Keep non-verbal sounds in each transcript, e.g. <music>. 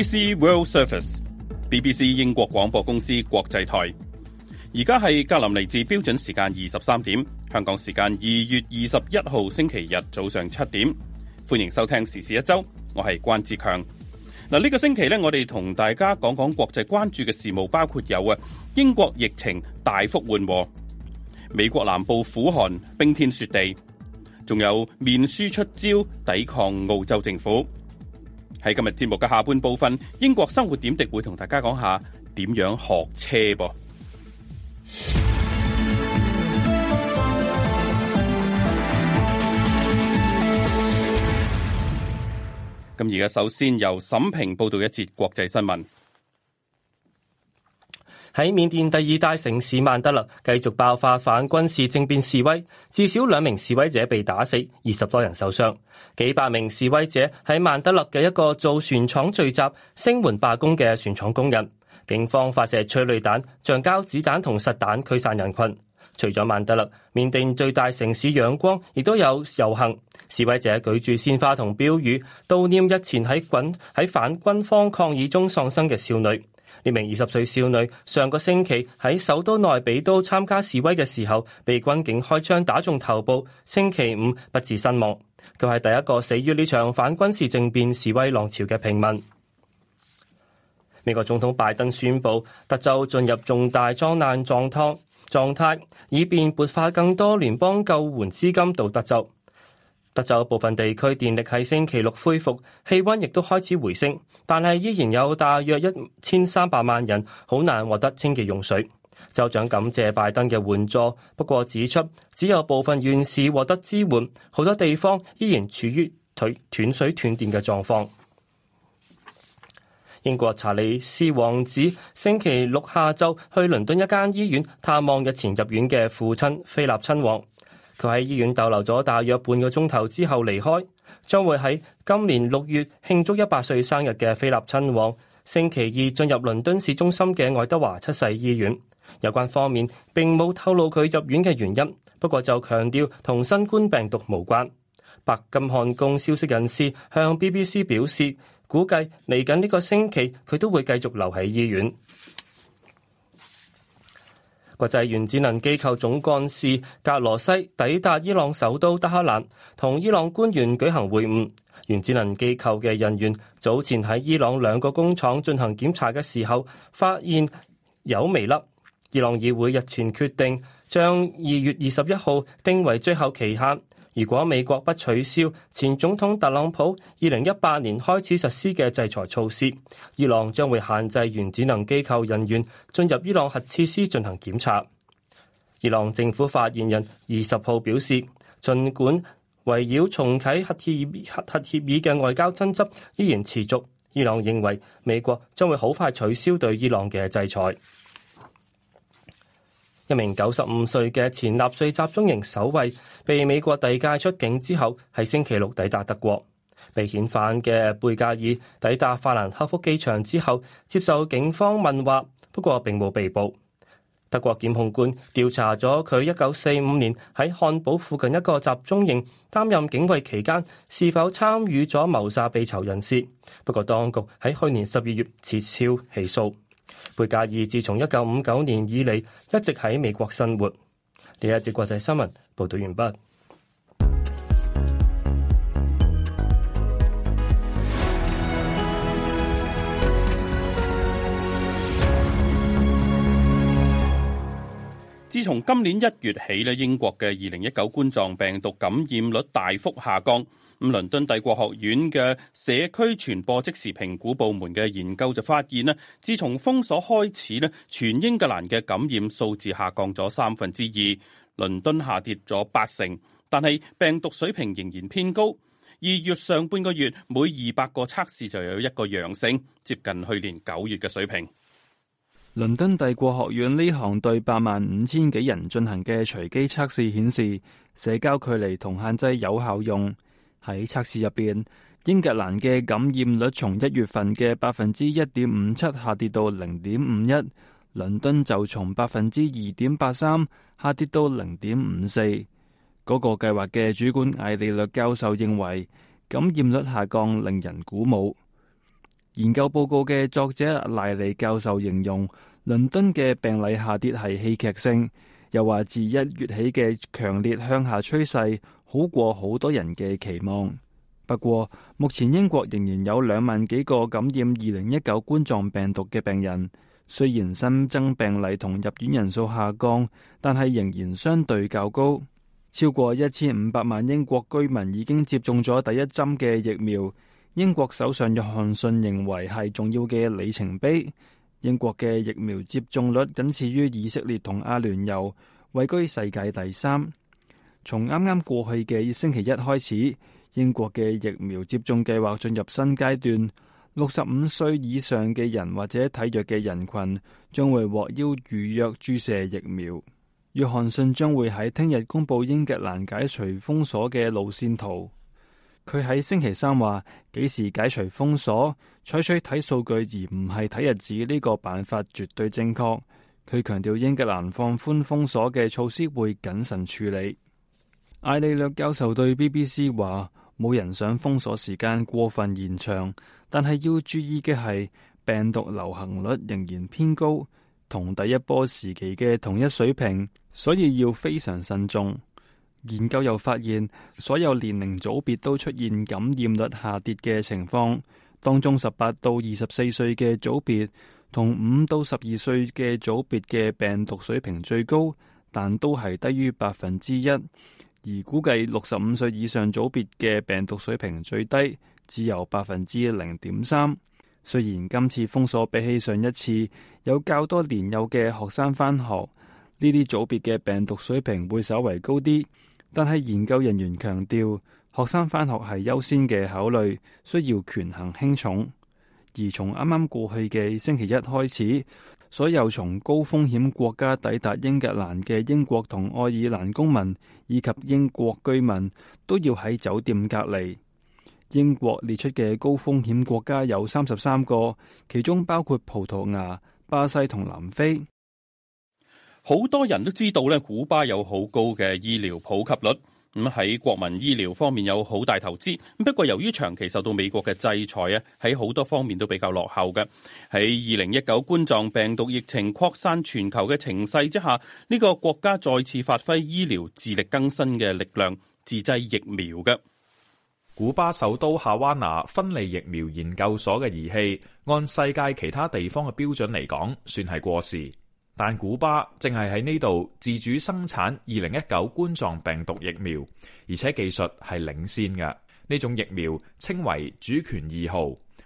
BBC World Service，BBC 英國廣播公司國際台。而家係格林尼治標準時間二十三點，香港時間二月二十一號星期日早上七點。歡迎收聽時事一周，我係關志強。嗱，呢個星期咧，我哋同大家講講國際關注嘅事務，包括有啊，英國疫情大幅緩和，美國南部苦寒冰天雪地，仲有面書出招抵抗澳洲政府。喺今日節目嘅下半部分，英國生活點滴會同大家講下點樣學車噃。咁而家首先由沈平報道一節國際新聞。喺緬甸第二大城市曼德勒繼續爆發反軍事政變示威，至少兩名示威者被打死，二十多人受傷。幾百名示威者喺曼德勒嘅一個造船廠聚集，聲援罷工嘅船廠工人。警方發射催淚彈、橡膠子彈同實彈驅散人群。除咗曼德勒，緬甸最大城市仰光亦都有遊行，示威者舉住鮮花同標語，悼念日前喺滾喺反軍方抗議中喪生嘅少女。呢名二十歲少女上個星期喺首都內比都參加示威嘅時候，被軍警開槍打中頭部，星期五不治身亡。佢係第一個死於呢場反軍事政變示威浪潮嘅平民。美國總統拜登宣布，德州進入重大災難狀態，狀態以便撥發更多聯邦救援資金到德州。德州部分地區電力喺星期六恢復，氣温亦都開始回升，但係依然有大約一千三百萬人好難獲得清潔用水。州長感謝拜登嘅援助，不過指出只有部分縣市獲得支援，好多地方依然處於斷水斷電嘅狀況。英國查理斯王子星期六下晝去倫敦一間醫院探望日前入院嘅父親菲立親王。佢喺醫院逗留咗大約半個鐘頭之後離開。將會喺今年六月慶祝一百歲生日嘅菲臘親王星期二進入倫敦市中心嘅愛德華七世醫院。有關方面並冇透露佢入院嘅原因，不過就強調同新冠病毒無關。白金漢宮消息人士向 BBC 表示，估計嚟緊呢個星期佢都會繼續留喺醫院。國際原子能機構總幹事格羅西抵達伊朗首都德黑蘭，同伊朗官員舉行會晤。原子能機構嘅人員早前喺伊朗兩個工廠進行檢查嘅時候，發現有微粒。伊朗議會日前決定將二月二十一號定為最後期限。如果美國不取消前總統特朗普二零一八年開始實施嘅制裁措施，伊朗將會限制原子能機構人員進入伊朗核設施進行檢查。伊朗政府發言人二十號表示，盡管圍繞重啟核協議核協議嘅外交爭執依然持續，伊朗認為美國將會好快取消對伊朗嘅制裁。一名九十五歲嘅前納粹集中營守衛被美國遞解出境之後，喺星期六抵達德國。被遣返嘅貝加爾抵達法蘭克福機場之後，接受警方問話，不過並冇被捕。德國檢控官調查咗佢一九四五年喺漢堡附近一個集中營擔任警衛期間是否參與咗謀殺被囚人士，不過當局喺去年十二月撤銷起訴。貝格爾自從一九五九年以嚟一直喺美國生活。呢一節國際新聞報道完畢。自從今年一月起咧，英國嘅二零一九冠狀病毒感染率大幅下降。咁，倫敦帝國學院嘅社區傳播即時評估部門嘅研究就發現咧，自從封鎖開始咧，全英格蘭嘅感染數字下降咗三分之二，倫敦下跌咗八成，但係病毒水平仍然偏高。二月上半個月，每二百個測試就有一個陽性，接近去年九月嘅水平。倫敦帝國學院呢項對八萬五千幾人進行嘅隨機測試顯示，社交距離同限制有效用。喺測試入邊，英格蘭嘅感染率從一月份嘅百分之一點五七下跌到零點五一，倫敦就從百分之二點八三下跌到零點五四。嗰、那個計劃嘅主管艾利略教授認為，感染率下降令人鼓舞。研究報告嘅作者賴利教授形容，倫敦嘅病例下跌係戲劇性，又話自一月起嘅強烈向下趨勢好過好多人嘅期望。不過，目前英國仍然有兩萬幾個感染二零一九冠狀病毒嘅病人。雖然新增病例同入院人數下降，但係仍然相對較高。超過一千五百萬英國居民已經接種咗第一針嘅疫苗。英國首相約翰遜認為係重要嘅里程碑。英國嘅疫苗接種率僅次於以色列同阿聯酋，位居世界第三。從啱啱過去嘅星期一開始，英國嘅疫苗接種計劃進入新階段。六十五歲以上嘅人或者體弱嘅人群將會獲邀預約注射疫苗。約翰遜將會喺聽日公佈英格蘭解除封鎖嘅路線圖。佢喺星期三話，幾時解除封鎖，採取睇數據而唔係睇日子，呢個辦法絕對正確。佢強調，英格蘭放寬封鎖嘅措施會謹慎處理。艾利略教授對 BBC 話，冇人想封鎖時間過分延長，但係要注意嘅係病毒流行率仍然偏高，同第一波時期嘅同一水平，所以要非常慎重。研究又發現，所有年齡組別都出現感染率下跌嘅情況，當中十八到二十四歲嘅組別同五到十二歲嘅組別嘅病毒水平最高，但都係低於百分之一。而估計六十五歲以上組別嘅病毒水平最低，只有百分之零點三。雖然今次封鎖比起上一次有較多年幼嘅學生返學，呢啲組別嘅病毒水平會稍為高啲，但係研究人員強調，學生返學係優先嘅考慮，需要權衡輕重。而從啱啱過去嘅星期一開始，所有從高風險國家抵達英格蘭嘅英國同愛爾蘭公民以及英國居民都要喺酒店隔離。英國列出嘅高風險國家有三十三個，其中包括葡萄牙、巴西同南非。好多人都知道咧，古巴有好高嘅醫療普及率。咁喺國民醫療方面有好大投資，不過由於長期受到美國嘅制裁啊，喺好多方面都比較落後嘅。喺二零一九冠狀病毒疫情擴散全球嘅情勢之下，呢個國家再次發揮醫療自力更生嘅力量，自製疫苗嘅。古巴首都夏灣拿芬利疫苗研究所嘅儀器，按世界其他地方嘅標準嚟講，算係過時。但古巴正係喺呢度自主生產二零一九冠狀病毒疫苗，而且技術係領先嘅。呢種疫苗稱為主權二號，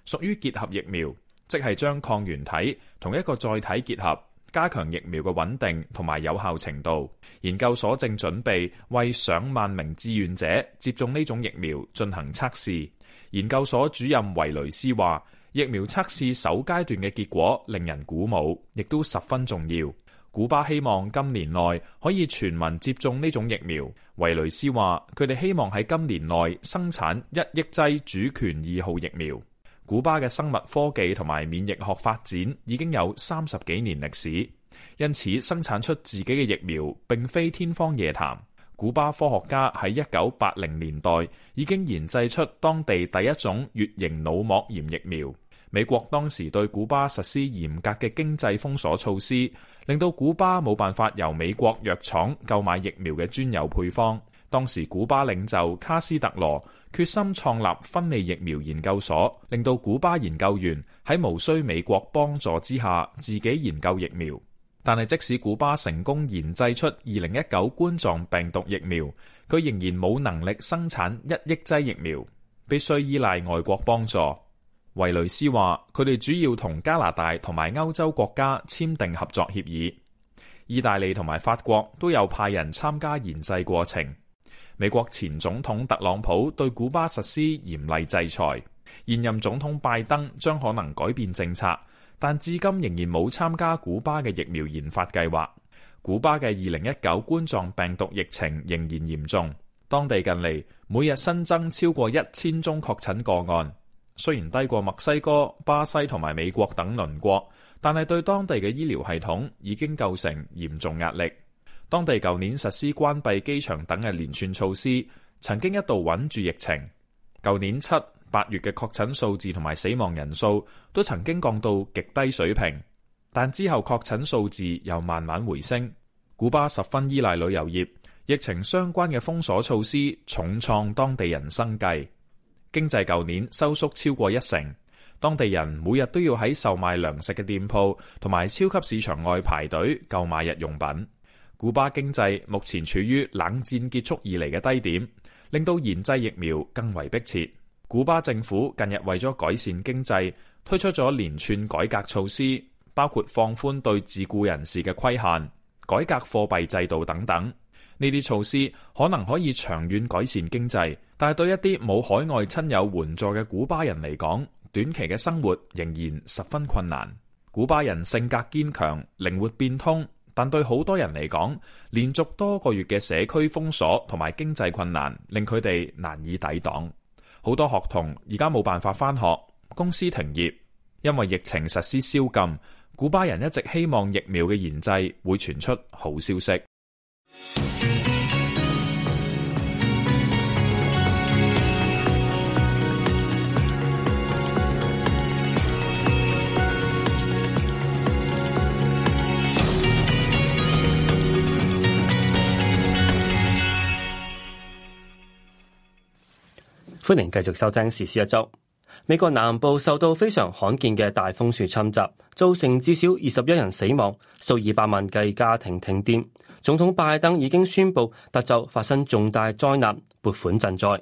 屬於結合疫苗，即係將抗原體同一個載體結合，加強疫苗嘅穩定同埋有效程度。研究所正準備為上萬名志願者接種呢種疫苗進行測試，研究所主任維雷斯話。疫苗測試首階段嘅結果令人鼓舞，亦都十分重要。古巴希望今年內可以全民接種呢種疫苗。維雷斯話：佢哋希望喺今年內生產一億劑主權二號疫苗。古巴嘅生物科技同埋免疫學發展已經有三十幾年歷史，因此生產出自己嘅疫苗並非天方夜譚。古巴科學家喺一九八零年代已經研製出當地第一種乙型腦膜炎疫苗。美國當時對古巴實施嚴格嘅經濟封鎖措施，令到古巴冇辦法由美國藥廠購買疫苗嘅專有配方。當時古巴領袖卡斯特羅決心創立分離疫苗研究所，令到古巴研究員喺無需美國幫助之下自己研究疫苗。但係即使古巴成功研製出二零一九冠狀病毒疫苗，佢仍然冇能力生產一億劑疫苗，必須依賴外國幫助。維雷斯話：佢哋主要同加拿大同埋歐洲國家簽訂合作協議，意大利同埋法國都有派人參加研製過程。美國前總統特朗普對古巴實施嚴厲制裁，現任總統拜登將可能改變政策，但至今仍然冇參加古巴嘅疫苗研發計劃。古巴嘅二零一九冠狀病毒疫情仍然嚴重，當地近嚟每日新增超過一千宗確診個案。雖然低過墨西哥、巴西同埋美國等鄰國，但係對當地嘅醫療系統已經構成嚴重壓力。當地舊年實施關閉機場等嘅連串措施，曾經一度穩住疫情。舊年七八月嘅確診數字同埋死亡人數都曾經降到極低水平，但之後確診數字又慢慢回升。古巴十分依賴旅遊業，疫情相關嘅封鎖措施重創當地人生計。經濟舊年收縮超過一成，當地人每日都要喺售賣糧食嘅店鋪同埋超級市場外排隊購買日用品。古巴經濟目前處於冷戰結束以嚟嘅低點，令到研製疫苗更為迫切。古巴政府近日為咗改善經濟，推出咗連串改革措施，包括放寬對自雇人士嘅規限、改革貨幣制度等等。呢啲措施可能可以長遠改善經濟。但係對一啲冇海外親友援助嘅古巴人嚟講，短期嘅生活仍然十分困難。古巴人性格堅強、靈活變通，但對好多人嚟講，連續多個月嘅社區封鎖同埋經濟困難，令佢哋難以抵擋。好多學童而家冇辦法翻學，公司停業，因為疫情實施宵禁。古巴人一直希望疫苗嘅研製會傳出好消息。歡迎繼續收聽時事一周。美國南部受到非常罕見嘅大風雪侵襲，造成至少二十一人死亡，數以百萬計家庭停電。總統拜登已經宣佈德州發生重大災難撥款賑災。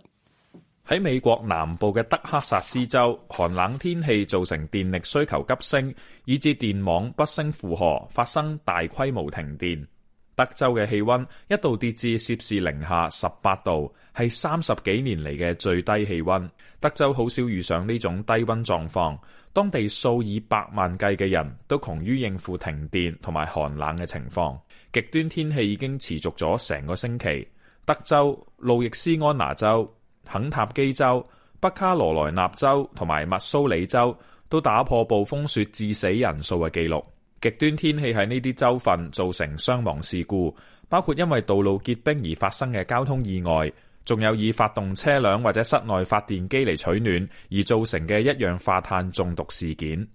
喺美國南部嘅德克薩斯州，寒冷天氣造成電力需求急升，以致電網不勝負荷，發生大規模停電。德州嘅氣溫一度跌至攝氏零下十八度，係三十幾年嚟嘅最低氣溫。德州好少遇上呢種低溫狀況，當地數以百萬計嘅人都窮於應付停電同埋寒冷嘅情況。極端天氣已經持續咗成個星期。德州、路易斯安那州、肯塔基州、北卡羅來納州同埋密蘇里州都打破暴風雪致死人數嘅記錄。極端天氣喺呢啲州份造成傷亡事故，包括因為道路結冰而發生嘅交通意外，仲有以發動車輛或者室內發電機嚟取暖而造成嘅一氧化碳中毒事件。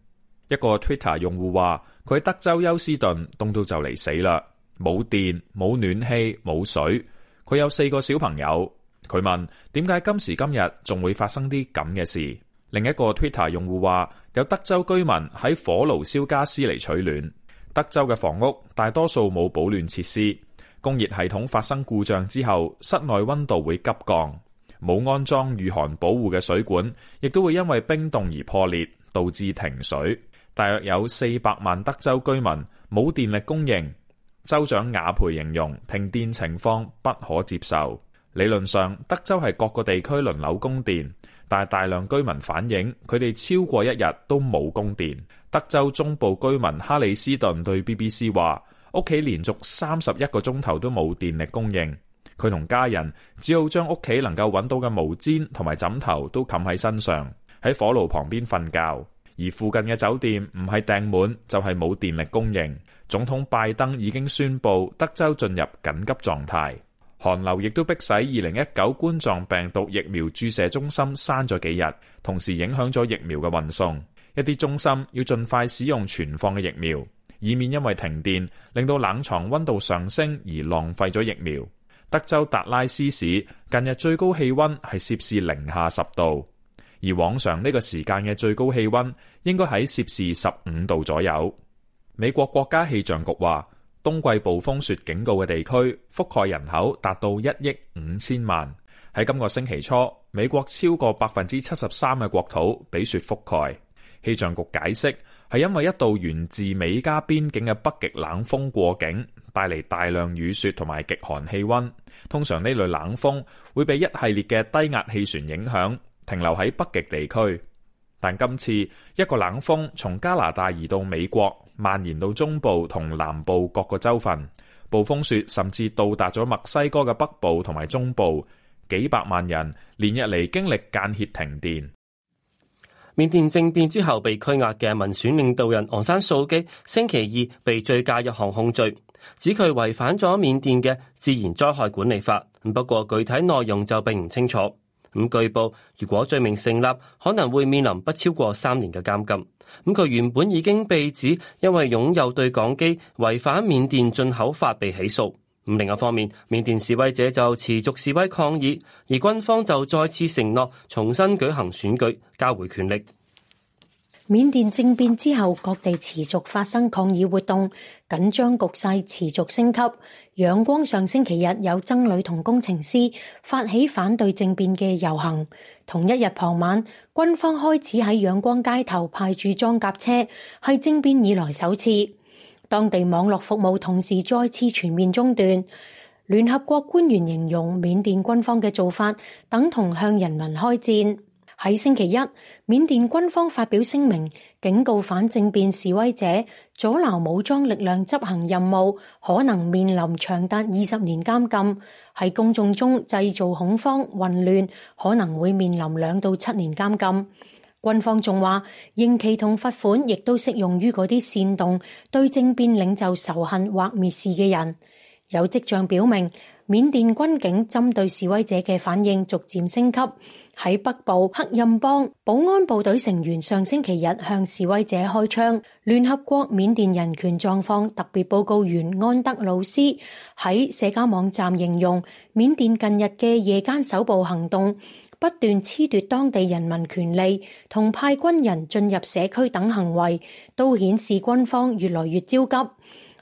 一個 Twitter 用戶話：佢喺德州休斯頓凍到就嚟死啦，冇電、冇暖氣、冇水。佢有四個小朋友。佢問：點解今時今日仲會發生啲咁嘅事？另一個 Twitter 用戶話，有德州居民喺火爐燒傢俬嚟取暖。德州嘅房屋大多數冇保暖設施，供熱系統發生故障之後，室內溫度會急降。冇安裝禦寒保護嘅水管，亦都會因為冰凍而破裂，導致停水。大約有四百萬德州居民冇電力供應。州長雅培形容停電情況不可接受。理論上，德州係各個地區輪流供電。但大量居民反映，佢哋超過一日都冇供電。德州中部居民哈里斯頓對 BBC 話，屋企連續三十一個鐘頭都冇電力供應，佢同家人只好將屋企能夠揾到嘅毛氈同埋枕頭都冚喺身上，喺火爐旁邊瞓覺。而附近嘅酒店唔係訂滿就係、是、冇電力供應，總統拜登已經宣布德州進入緊急狀態。寒流亦都迫使二零一九冠狀病毒疫苗注射中心閂咗幾日，同時影響咗疫苗嘅運送。一啲中心要盡快使用存放嘅疫苗，以免因為停電令到冷藏溫度上升而浪費咗疫苗。德州達拉斯市近日最高氣溫係攝氏零下十度，而往常呢個時間嘅最高氣溫應該喺攝氏十五度左右。美國國家氣象局話，冬季暴風雪警告嘅地區覆蓋人口達到一億五千萬。喺今個星期初，美國超過百分之七十三嘅國土被雪覆蓋。氣象局解釋係因為一度源自美加邊境嘅北極冷風過境，帶嚟大量雨雪同埋極寒氣溫。通常呢類冷風會被一系列嘅低壓氣旋影響，停留喺北極地區。但今次一個冷風從加拿大移到美國，蔓延到中部同南部各個州份，暴風雪甚至到達咗墨西哥嘅北部同埋中部，幾百萬人連日嚟經歷間歇停電。緬甸政變之後被拘押嘅民選領導人昂山素姬，星期二被罪加入一項控罪，指佢違反咗緬甸嘅自然災害管理法，不過具體內容就並唔清楚。咁據報，如果罪名成立，可能會面臨不超過三年嘅監禁。咁佢原本已經被指因為擁有對講機違反緬甸進口法被起訴。咁另一方面，緬甸示威者就持續示威抗議，而軍方就再次承諾重新舉行選舉，交回權力。緬甸政變之後，各地持續發生抗議活動，緊張局勢持續升級。仰光上星期日有僧侶同工程師發起反對政變嘅遊行，同一日傍晚，軍方開始喺仰光街頭派駐裝甲車，係政變以來首次。當地網絡服務同時再次全面中斷。聯合國官員形容緬甸軍方嘅做法等同向人民開戰。喺星期一，緬甸軍方發表聲明，警告反政變示威者阻撓武裝力量執行任務，可能面臨長達二十年監禁；喺公眾中製造恐慌、混亂，可能會面臨兩到七年監禁。軍方仲話，刑期同罰款亦都適用於嗰啲煽動對政變領袖仇恨或蔑視嘅人。有跡象表明，緬甸軍警針對示威者嘅反應逐漸升級。喺北部克欽邦，保安部隊成員上星期日向示威者開槍。聯合國緬甸人權狀況特別報告員安德魯斯喺社交網站形容，緬甸近日嘅夜間搜捕行動、不斷褫奪當地人民權利同派軍人進入社區等行為，都顯示軍方越來越焦急。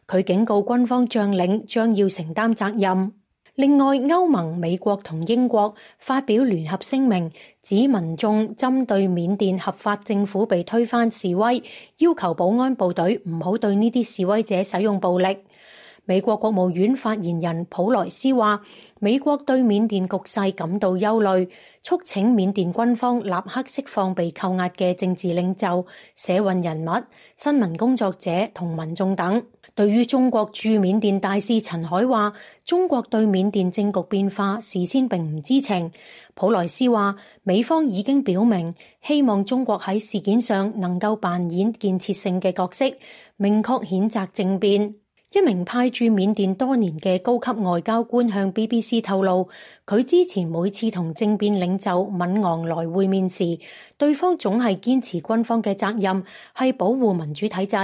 佢警告軍方將領將要承擔責任。另外，歐盟、美國同英國發表聯合聲明，指民眾針對緬甸合法政府被推翻示威，要求保安部隊唔好對呢啲示威者使用暴力。美國國務院發言人普萊斯話，美國對緬甸局勢感到憂慮，促請緬甸軍方立刻釋放被扣押嘅政治領袖、社運人物、新聞工作者同民眾等。對於中國駐緬甸大使陳海話，中國對緬甸政局變化事先並唔知情。普萊斯話，美方已經表明希望中國喺事件上能夠扮演建設性嘅角色，明確譴責政變。一名派駐緬甸多年嘅高級外交官向 BBC 透露，佢之前每次同政變領袖敏昂來會面時，對方總係堅持軍方嘅責任係保護民主體制。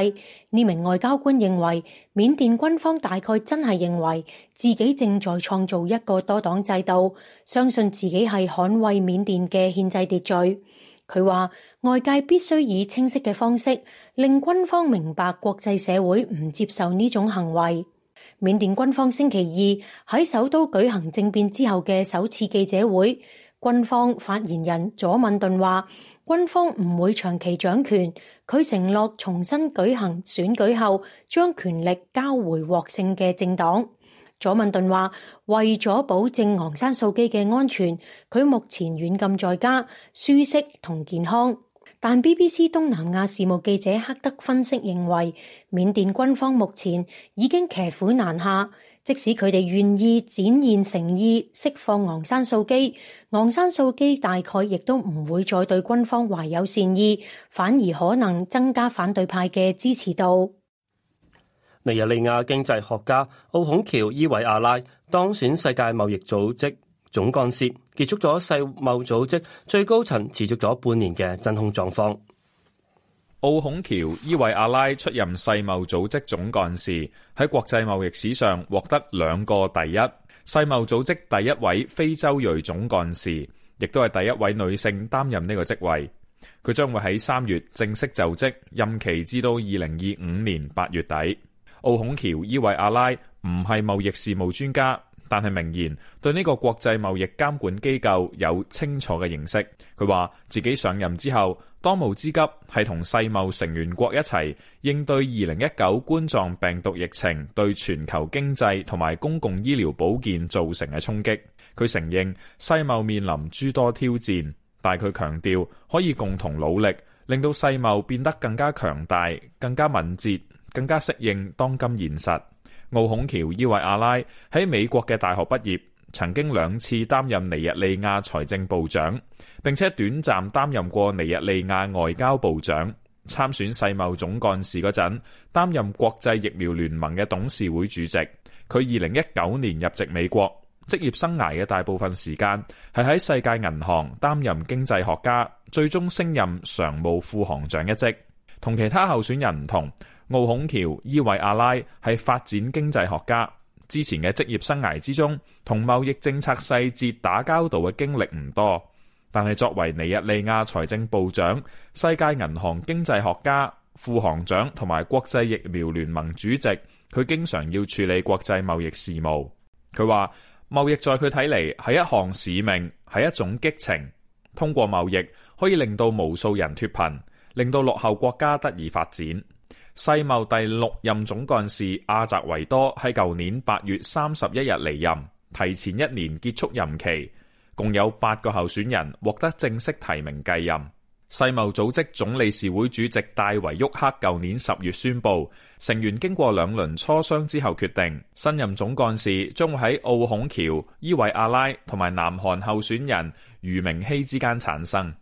呢名外交官認為，緬甸軍方大概真係認為自己正在創造一個多黨制度，相信自己係捍衛緬甸嘅憲制秩序。佢話：外界必須以清晰嘅方式令軍方明白國際社會唔接受呢種行為。緬甸軍方星期二喺首都舉行政變之後嘅首次記者會，軍方發言人佐敏頓話：軍方唔會長期掌權。佢承諾重新舉行選舉後，將權力交回獲勝嘅政黨。佐敏頓話：為咗保證昂山素基嘅安全，佢目前軟禁在家，舒適同健康。但 BBC 東南亞事務記者克德分析認為，緬甸軍方目前已經騎虎難下，即使佢哋願意展現誠意，釋放昂山素基，昂山素基大概亦都唔會再對軍方懷有善意，反而可能增加反對派嘅支持度。尼日利亞經濟學家奧孔喬伊維阿拉當選世界貿易組織總幹事，結束咗世貿組織最高層持續咗半年嘅真空狀況。奧孔喬伊維阿拉出任世貿組織總幹事，喺國際貿易史上獲得兩個第一：世貿組織第一位非洲裔總幹事，亦都係第一位女性擔任呢個職位。佢將會喺三月正式就職，任期至到二零二五年八月底。奧孔喬伊維阿拉唔係貿易事務專家，但係明言對呢個國際貿易監管機構有清楚嘅認識。佢話自己上任之後，當務之急係同世貿成員國一齊應對二零一九冠狀病毒疫情對全球經濟同埋公共醫療保健造成嘅衝擊。佢承認世貿面臨諸多挑戰，但佢強調可以共同努力，令到世貿變得更加強大、更加敏捷。更加適應當今現實。奧孔喬伊維阿拉喺美國嘅大學畢業，曾經兩次擔任尼日利亞財政部長，並且短暫擔任過尼日利亞外交部長，參選世貿總幹事嗰陣，擔任國際疫苗聯盟嘅董事會主席。佢二零一九年入籍美國，職業生涯嘅大部分時間，係喺世界銀行擔任經濟學家，最終升任常務副行長一職。同其他候選人唔同。奧孔橋伊維阿拉係發展經濟學家，之前嘅職業生涯之中，同貿易政策細節打交道嘅經歷唔多。但係作為尼日利亞財政部長、世界銀行經濟學家、副行長同埋國際疫苗聯盟主席，佢經常要處理國際貿易事務。佢話貿易在佢睇嚟係一項使命，係一種激情。通過貿易可以令到無數人脫貧，令到落後國家得以發展。世貿第六任總幹事阿澤維多喺舊年八月三十一日離任，提前一年結束任期。共有八個候選人獲得正式提名繼任。世貿組織總理事會主席戴維沃克舊年十月宣布，成員經過兩輪磋商之後決定，新任總幹事將會喺奧孔喬、伊維阿拉同埋南韓候選人俞明希之間產生。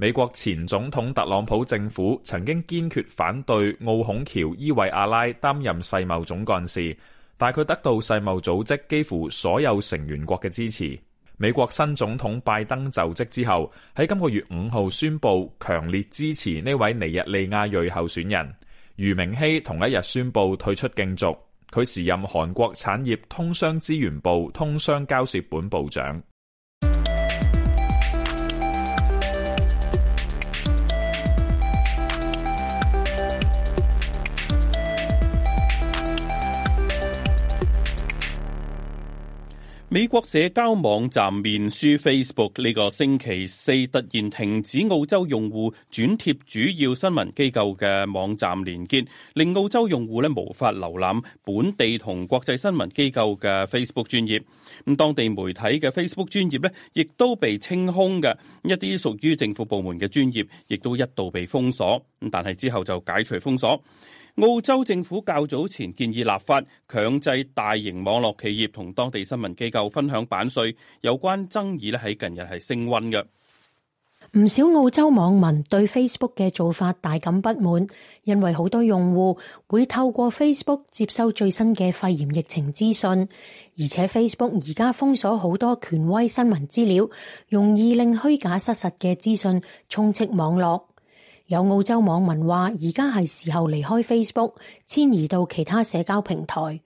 美國前總統特朗普政府曾經堅決反對奧孔喬伊維阿拉擔任世貿總幹事，但佢得到世貿組織幾乎所有成員國嘅支持。美國新總統拜登就職之後，喺今個月五號宣布強烈支持呢位尼日利亞裔候選人。俞明熙同一日宣布退出競逐，佢時任韓國產業通商資源部通商交涉本部長。美國社交網站面書 Facebook 呢個星期四突然停止澳洲用戶轉貼主要新聞機構嘅網站連結，令澳洲用戶咧無法瀏覽本地同國際新聞機構嘅 Facebook 專頁。咁當地媒體嘅 Facebook 專頁咧，亦都被清空嘅。一啲屬於政府部門嘅專頁，亦都一度被封鎖，但係之後就解除封鎖。澳洲政府較早前建議立法強制大型網絡企業同當地新聞機構分享版稅，有關爭議咧喺近日係升溫嘅。唔少澳洲網民對 Facebook 嘅做法大感不滿，因為好多用戶會透過 Facebook 接收最新嘅肺炎疫情資訊，而且 Facebook 而家封鎖好多權威新聞資料，容易令虛假失實嘅資訊充斥網絡。有澳洲網民話：而家係時候離開 Facebook，遷移到其他社交平台。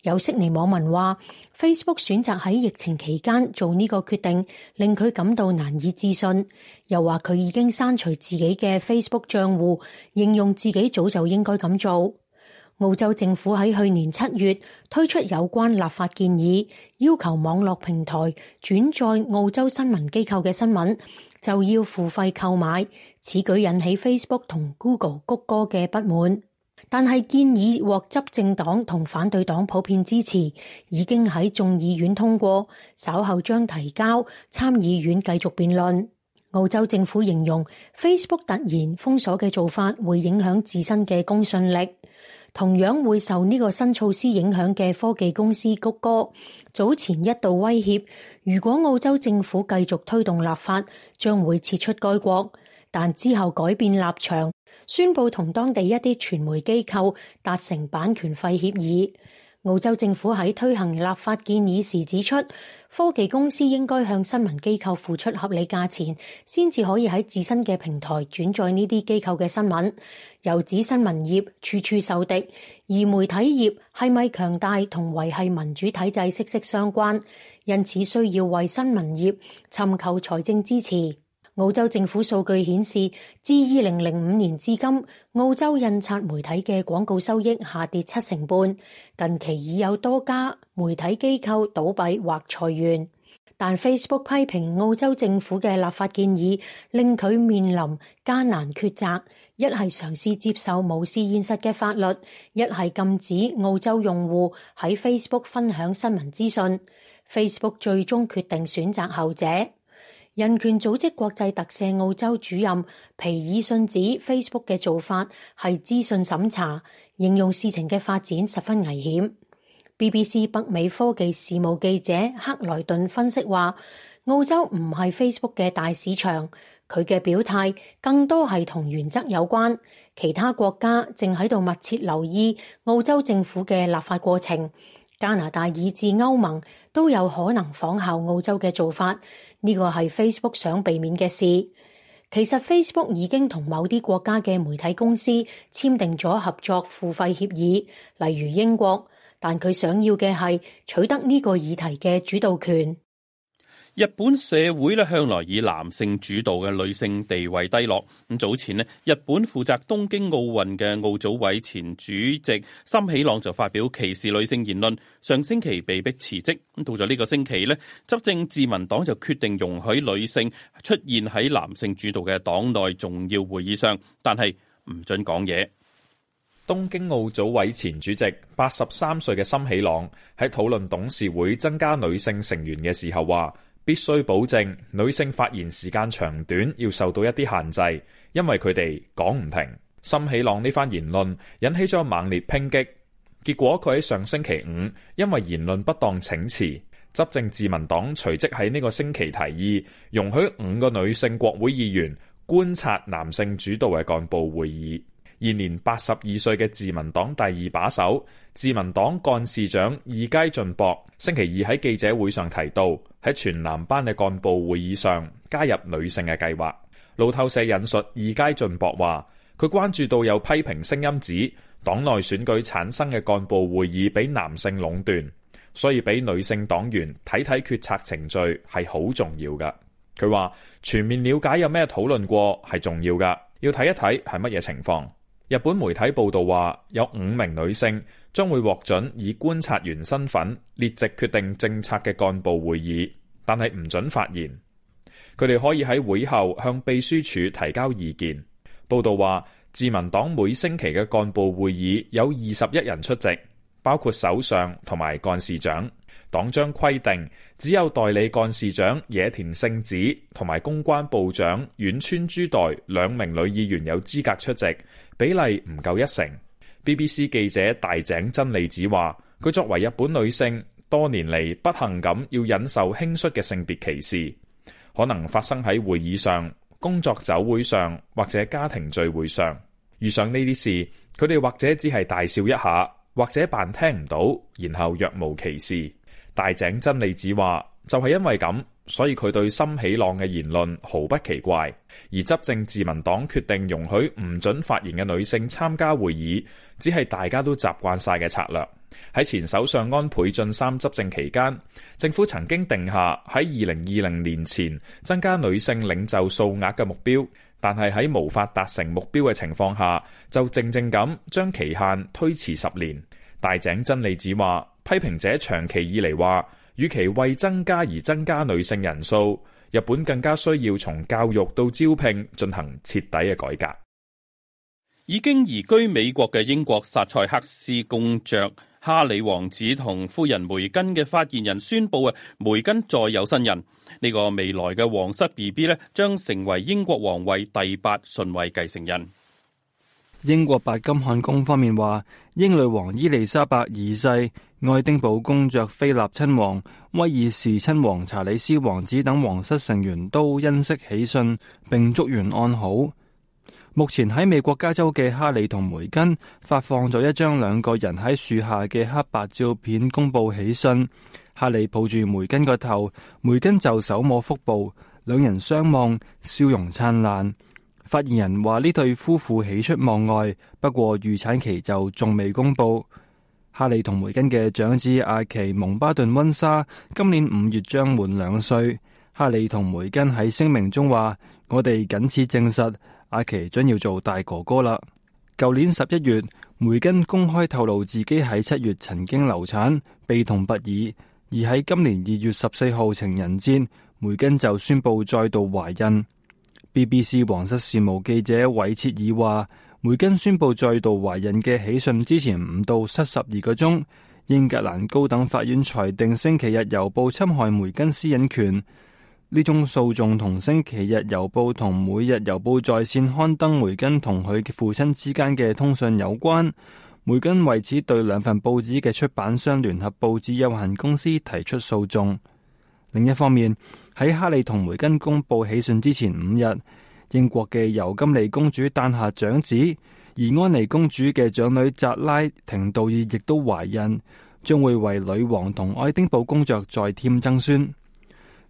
有悉尼網民話：Facebook 選擇喺疫情期間做呢個決定，令佢感到難以置信。又話佢已經刪除自己嘅 Facebook 賬戶，形容自己早就應該咁做。澳洲政府喺去年七月推出有關立法建議，要求網絡平台轉載澳洲新聞機構嘅新聞，就要付費購買，此舉引起 Facebook 同 Google 谷歌嘅不滿。但係建議獲執政黨同反對黨普遍支持，已經喺眾議院通過，稍後將提交參議院繼續辯論。澳洲政府形容 Facebook 突然封鎖嘅做法會影響自身嘅公信力，同樣會受呢個新措施影響嘅科技公司谷歌，早前一度威脅，如果澳洲政府繼續推動立法，將會撤出該國，但之後改變立場，宣布同當地一啲傳媒機構達成版權費協議。澳洲政府喺推行立法建議時指出，科技公司應該向新聞機構付出合理價錢，先至可以喺自身嘅平台轉載呢啲機構嘅新聞。由指新聞業處處受敵，而媒體業係咪強大同維繫民主體制息息相關，因此需要為新聞業尋求財政支持。澳洲政府數據顯示，自二零零五年至今，澳洲印刷媒體嘅廣告收益下跌七成半。近期已有多家媒體機構倒閉或裁員。但 Facebook 批評澳洲政府嘅立法建議，令佢面臨艱難抉擇：一係嘗試接受無視現實嘅法律，一係禁止澳洲用戶喺 Facebook 分享新聞資訊。Facebook 最終決定選擇後者。人權組織國際特赦澳洲主任皮爾遜指 Facebook 嘅做法係資訊審查，形容事情嘅發展十分危險。BBC 北美科技事務記者克萊頓分析話：澳洲唔係 Facebook 嘅大市場，佢嘅表態更多係同原則有關。其他國家正喺度密切留意澳洲政府嘅立法過程，加拿大以至歐盟都有可能仿效澳洲嘅做法。呢個係 Facebook 想避免嘅事。其實 Facebook 已經同某啲國家嘅媒體公司簽訂咗合作付費協議，例如英國。但佢想要嘅係取得呢個議題嘅主導權。日本社會咧向來以男性主導嘅，女性地位低落。咁早前咧，日本負責東京奧運嘅奧組委前主席森喜朗就發表歧視女性言論，上星期被逼辭職。咁到咗呢個星期咧，執政自民黨就決定容許女性出現喺男性主導嘅黨內重要會議上，但係唔准講嘢。東京奧組委前主席八十三歲嘅森喜朗喺討論董事會增加女性成員嘅時候話：必須保證女性發言時間長短要受到一啲限制，因為佢哋講唔停。森喜朗呢番言論引起咗猛烈抨擊，結果佢喺上星期五因為言論不當請辭。執政自民黨隨即喺呢個星期提議容許五個女性國會議員觀察男性主導嘅幹部會議。現年八十二歲嘅自民黨第二把手、自民黨幹事長二階俊博星期二喺記者會上提到。喺全男班嘅幹部會議上加入女性嘅計劃。路透社引述二階俊博話，佢關注到有批評聲音指黨內選舉產生嘅幹部會議俾男性壟斷，所以俾女性黨員睇睇決策程序係好重要噶。佢話全面了解有咩討論過係重要噶，要睇一睇係乜嘢情況。日本媒體報道話，有五名女性將會獲准以觀察員身份列席決定政策嘅幹部會議，但係唔准發言。佢哋可以喺會後向秘書處提交意見。報道話，自民黨每星期嘅幹部會議有二十一人出席，包括首相同埋幹事長。黨章規定只有代理幹事長野田聖子同埋公關部長遠川珠代兩名女議員有資格出席。比例唔夠一成。B B C 記者大井真理子話：佢作為日本女性，多年嚟不幸咁要忍受輕率嘅性別歧視，可能發生喺會議上、工作酒會上或者家庭聚會上遇上呢啲事。佢哋或者只係大笑一下，或者扮聽唔到，然後若無其事。大井真理子話：就係因為咁。所以佢對森喜朗嘅言論毫不奇怪，而執政自民黨決定容許唔準發言嘅女性參加會議，只係大家都習慣晒嘅策略。喺前首相安倍晉三執政期間，政府曾經定下喺二零二零年前增加女性領袖數額嘅目標，但係喺無法達成目標嘅情況下，就靜靜咁將期限推遲十年。大井真理子話：批評者長期以嚟話。與其為增加而增加女性人數，日本更加需要從教育到招聘進行徹底嘅改革。已經移居美國嘅英國薩塞克斯公爵哈里王子同夫人梅根嘅發言人宣佈啊，梅根再有新人，呢、這個未來嘅皇室 BB 呢將成為英國皇位第八順位繼承人。英國白金漢宮方面話，英女王伊麗莎白二世。愛丁堡公爵菲立親王、威爾士親王查理斯王子等皇室成員都欣悉喜訊，並祝願安好。目前喺美國加州嘅哈利同梅根發放咗一張兩個人喺樹下嘅黑白照片，公布喜訊。哈利抱住梅根個頭，梅根就手摸腹部，兩人相望，笑容燦爛。發言人話呢對夫婦喜出望外，不過預產期就仲未公布。哈利同梅根嘅長子阿奇蒙巴頓温莎今年五月將滿兩歲。哈利同梅根喺聲明中話：我哋僅此證實阿奇將要做大哥哥啦。舊年十一月，梅根公開透露自己喺七月曾經流產，悲痛不已。而喺今年二月十四號情人節，梅根就宣布再度懷孕。BBC 皇室事務記者韋切爾話。梅根宣布再度懷孕嘅喜訊之前唔到七十二個鐘，英格蘭高等法院裁定星期日郵報侵害梅根私隱權。呢宗訴訟同星期日郵報同每日郵報在線刊登梅根同佢父親之間嘅通訊有關。梅根為此對兩份報紙嘅出版商聯合報紙有限公司提出訴訟。另一方面，喺哈利同梅根公布喜訊之前五日，英國嘅尤金尼公主誕下長子，而安妮公主嘅長女扎拉廷道爾亦都懷孕，將會為女王同愛丁堡公爵再添曾孫。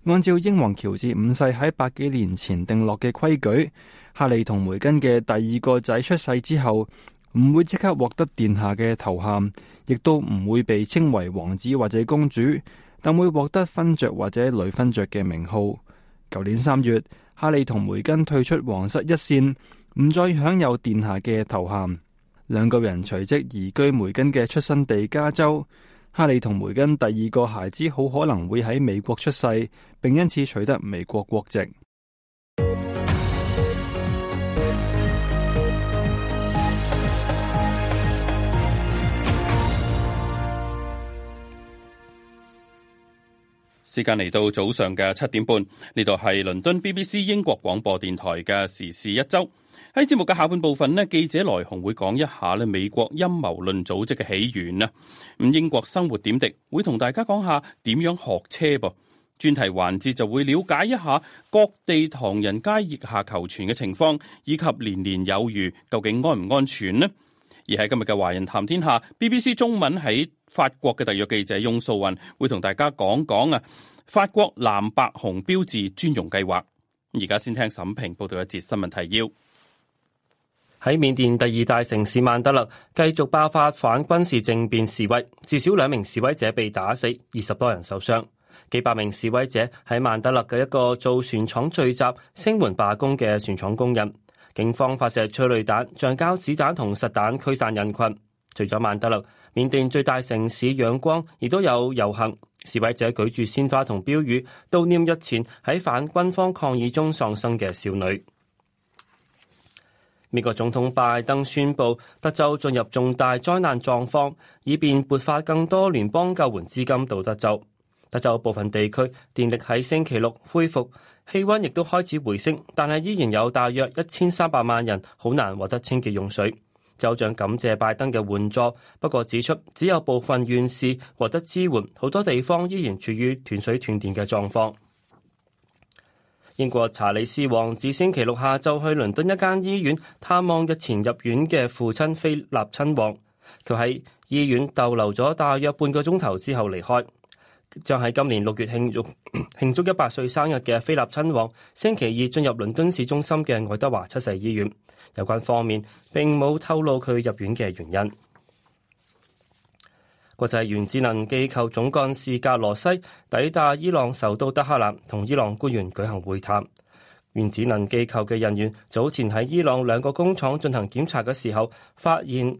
按照英皇喬治五世喺百幾年前定落嘅規矩，哈利同梅根嘅第二個仔出世之後，唔會即刻獲得殿下嘅頭銜，亦都唔會被稱為王子或者公主，但會獲得勳爵或者女勳爵嘅名號。舊年三月。哈利同梅根退出皇室一線，唔再享有殿下嘅頭銜。兩個人隨即移居梅根嘅出生地加州。哈利同梅根第二個孩子好可能會喺美國出世，並因此取得美國國籍。時間嚟到早上嘅七點半，呢度係倫敦 BBC 英國廣播電台嘅時事一周。喺節目嘅下半部分呢，記者來鴻會講一下咧美國陰謀論組織嘅起源啦。咁英國生活點滴會同大家講下點樣學車噃。專題環節就會了解一下各地唐人街疫下求存嘅情況，以及年年有餘究竟安唔安全呢？而喺今日嘅華人談天下，BBC 中文喺法國嘅特約記者雍素雲會同大家講講啊。法國藍白紅標誌專用計劃，而家先聽沈平報道一節新聞提要。喺緬甸第二大城市曼德勒繼續爆發反軍事政變示威，至少兩名示威者被打死，二十多人受傷，幾百名示威者喺曼德勒嘅一個造船廠聚集，聲援罷工嘅船廠工人。警方發射催淚彈、橡膠子彈同實彈驅散人群。除咗曼德勒，緬甸最大城市仰光亦都有遊行。示威者舉住鮮花同標語，悼念日前喺反軍方抗議中喪生嘅少女。美國總統拜登宣布，德州進入重大災難狀況，以便撥發更多聯邦救援資金到德州。德州部分地區電力喺星期六恢復，氣温亦都開始回升，但係依然有大約一千三百萬人好難獲得清潔用水。州長感謝拜登嘅援助，不過指出只有部分縣市獲得支援，好多地方依然處於斷水斷電嘅狀況。英國查理斯王子星期六下晝去倫敦一間醫院探望日前入院嘅父親菲立親王，佢喺醫院逗留咗大約半個鐘頭之後離開。將喺今年六月慶祝慶祝一百歲生日嘅菲立親王，星期二進入倫敦市中心嘅愛德華七世醫院。有關方面並冇透露佢入院嘅原因。國際原子能機構總幹事格羅西抵達伊朗首都德黑蘭，同伊朗官員舉行會談。原子能機構嘅人員早前喺伊朗兩個工廠進行檢查嘅時候，發現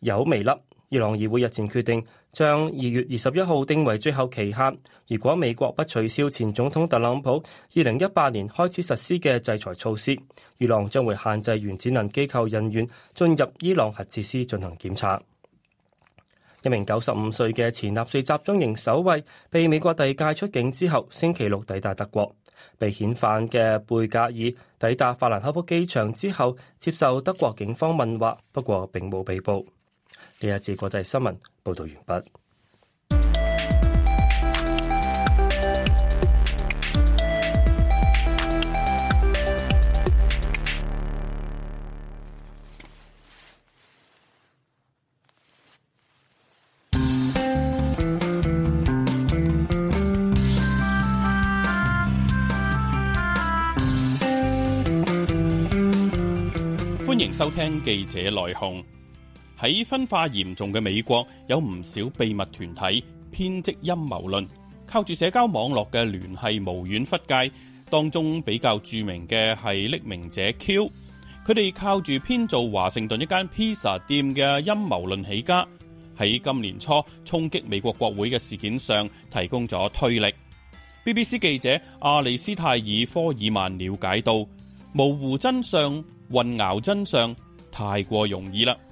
有微粒。伊朗議會日前決定，將二月二十一號定為最後期限，如果美國不取消前總統特朗普二零一八年開始實施嘅制裁措施，伊朗將會限制原子能機構人員進入伊朗核設施進行檢查。一名九十五歲嘅前納粹集中營守衛被美國遞解出境之後，星期六抵達德國。被遣返嘅貝格爾抵達法蘭克福機場之後，接受德國警方問話，不過並冇被捕。呢一節國際新聞報道完畢。歡迎收聽記者來鴻。喺分化嚴重嘅美國，有唔少秘密團體編織陰謀論，靠住社交網絡嘅聯繫無遠弗屆。當中比較著名嘅係匿名者 Q，佢哋靠住編造華盛頓一間披薩店嘅陰謀論起家。喺今年初衝擊美國國會嘅事件上，提供咗推力。BBC 記者阿里斯泰爾·科爾曼了解到，模糊真相、混淆真相，太過容易啦。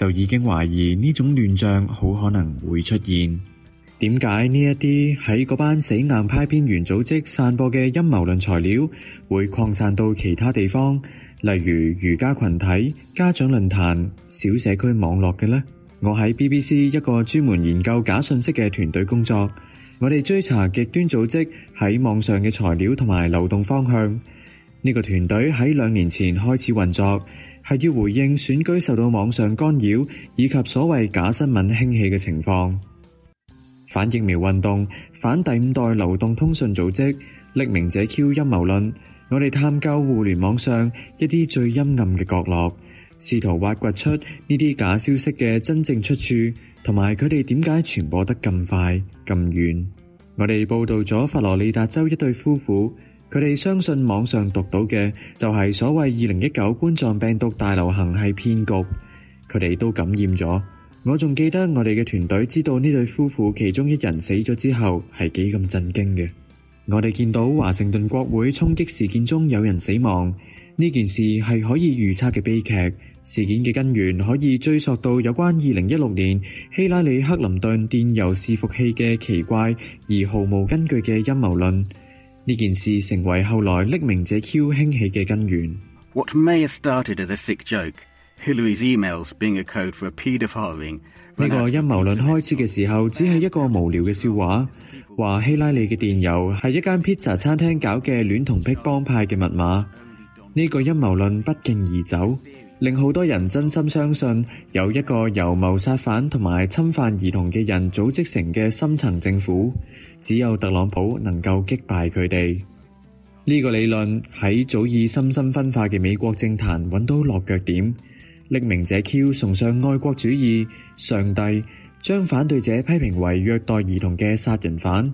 就已經懷疑呢種亂象好可能會出現。點解呢一啲喺嗰班死硬派邊緣組織散播嘅陰謀論材料會擴散到其他地方，例如瑜伽群體、家長論壇、小社區網絡嘅呢？我喺 BBC 一個專門研究假信息嘅團隊工作，我哋追查極端組織喺網上嘅材料同埋流動方向。呢個團隊喺兩年前開始運作。係要回應選舉受到網上干擾以及所謂假新聞興起嘅情況。反疫苗運動、反第五代流動通訊組織、匿名者 Q 陰謀論，我哋探究互聯網上一啲最陰暗嘅角落，試圖挖掘出呢啲假消息嘅真正出處，同埋佢哋點解傳播得咁快咁遠。我哋報導咗佛羅里達州一對夫婦。佢哋相信網上讀到嘅就係、是、所謂二零一九冠狀病毒大流行係騙局，佢哋都感染咗。我仲記得我哋嘅團隊知道呢對夫婦其中一人死咗之後係幾咁震驚嘅。我哋見到華盛頓國會衝擊事件中有人死亡，呢件事係可以預測嘅悲劇。事件嘅根源可以追溯到有關二零一六年希拉里克林頓電郵伺服器嘅奇怪而毫無根據嘅陰謀論。呢件事成為後來匿名者 Q 興起嘅根源。呢個陰謀論開始嘅時候，只係一個無聊嘅笑話，話希拉里嘅電郵係一間 Pizza 餐廳搞嘅戀童癖幫派嘅密碼。呢個陰謀論不脛而走，令好多人真心相信有一個由謀殺犯同埋侵犯兒童嘅人組織成嘅深層政府。只有特朗普能夠擊敗佢哋。呢個理論喺早已深深分化嘅美國政壇揾到落腳點，匿名者 Q 崇尚愛國主義，上帝將反對者批評為虐待兒童嘅殺人犯，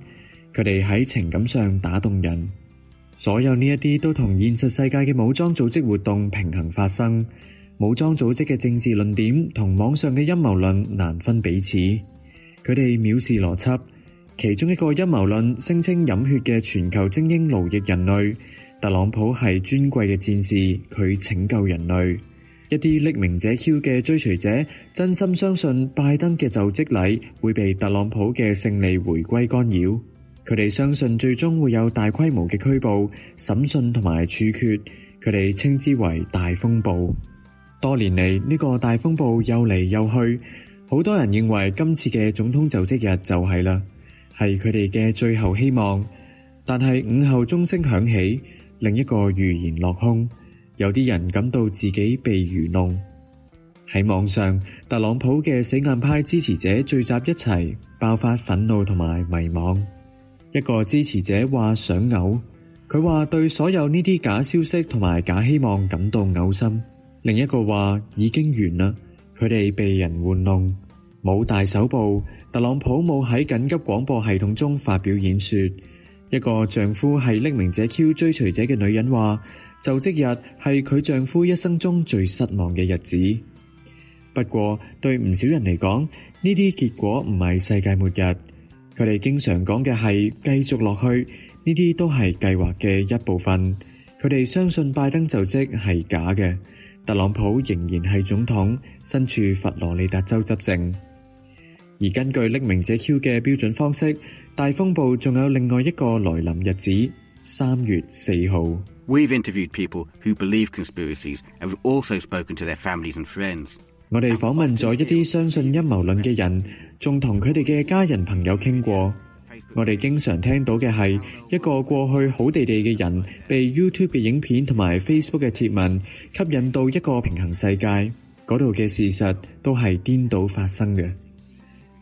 佢哋喺情感上打動人。所有呢一啲都同現實世界嘅武裝組織活動平衡發生。武裝組織嘅政治論點同網上嘅陰謀論難分彼此，佢哋藐視邏輯。其中一個陰謀論聲稱飲血嘅全球精英奴役人類，特朗普係尊貴嘅戰士，佢拯救人類。一啲匿名者 Q 嘅追隨者真心相信拜登嘅就職禮會被特朗普嘅勝利回歸干擾。佢哋相信最終會有大規模嘅拘捕、審訊同埋處決，佢哋稱之為大風暴。多年嚟，呢個大風暴又嚟又去，好多人認為今次嘅總統就職日就係啦。係佢哋嘅最後希望，但係午後鐘聲響起，另一個預言落空，有啲人感到自己被愚弄。喺網上，特朗普嘅死硬派支持者聚集一齊，爆發憤怒同埋迷惘。一個支持者話想嘔，佢話對所有呢啲假消息同埋假希望感到嘔心。另一個話已經完啦，佢哋被人玩弄，冇大搜捕。特朗普冇喺緊急廣播系統中發表演說。一個丈夫係匿名者 Q 追隨者嘅女人話：就職日係佢丈夫一生中最失望嘅日子。不過對唔少人嚟講，呢啲結果唔係世界末日。佢哋經常講嘅係繼續落去，呢啲都係計劃嘅一部分。佢哋相信拜登就職係假嘅，特朗普仍然係總統，身處佛羅里達州執政。而根據匿名者 Q 嘅標準方式，大風暴仲有另外一個來臨日子，三月四號。我哋訪問咗一啲相信陰謀論嘅人，仲同佢哋嘅家人朋友傾過。我哋經常聽到嘅係一個過去好地地嘅人，被 YouTube 嘅影片同埋 Facebook 嘅貼文吸引到一個平行世界，嗰度嘅事實都係顛倒發生嘅。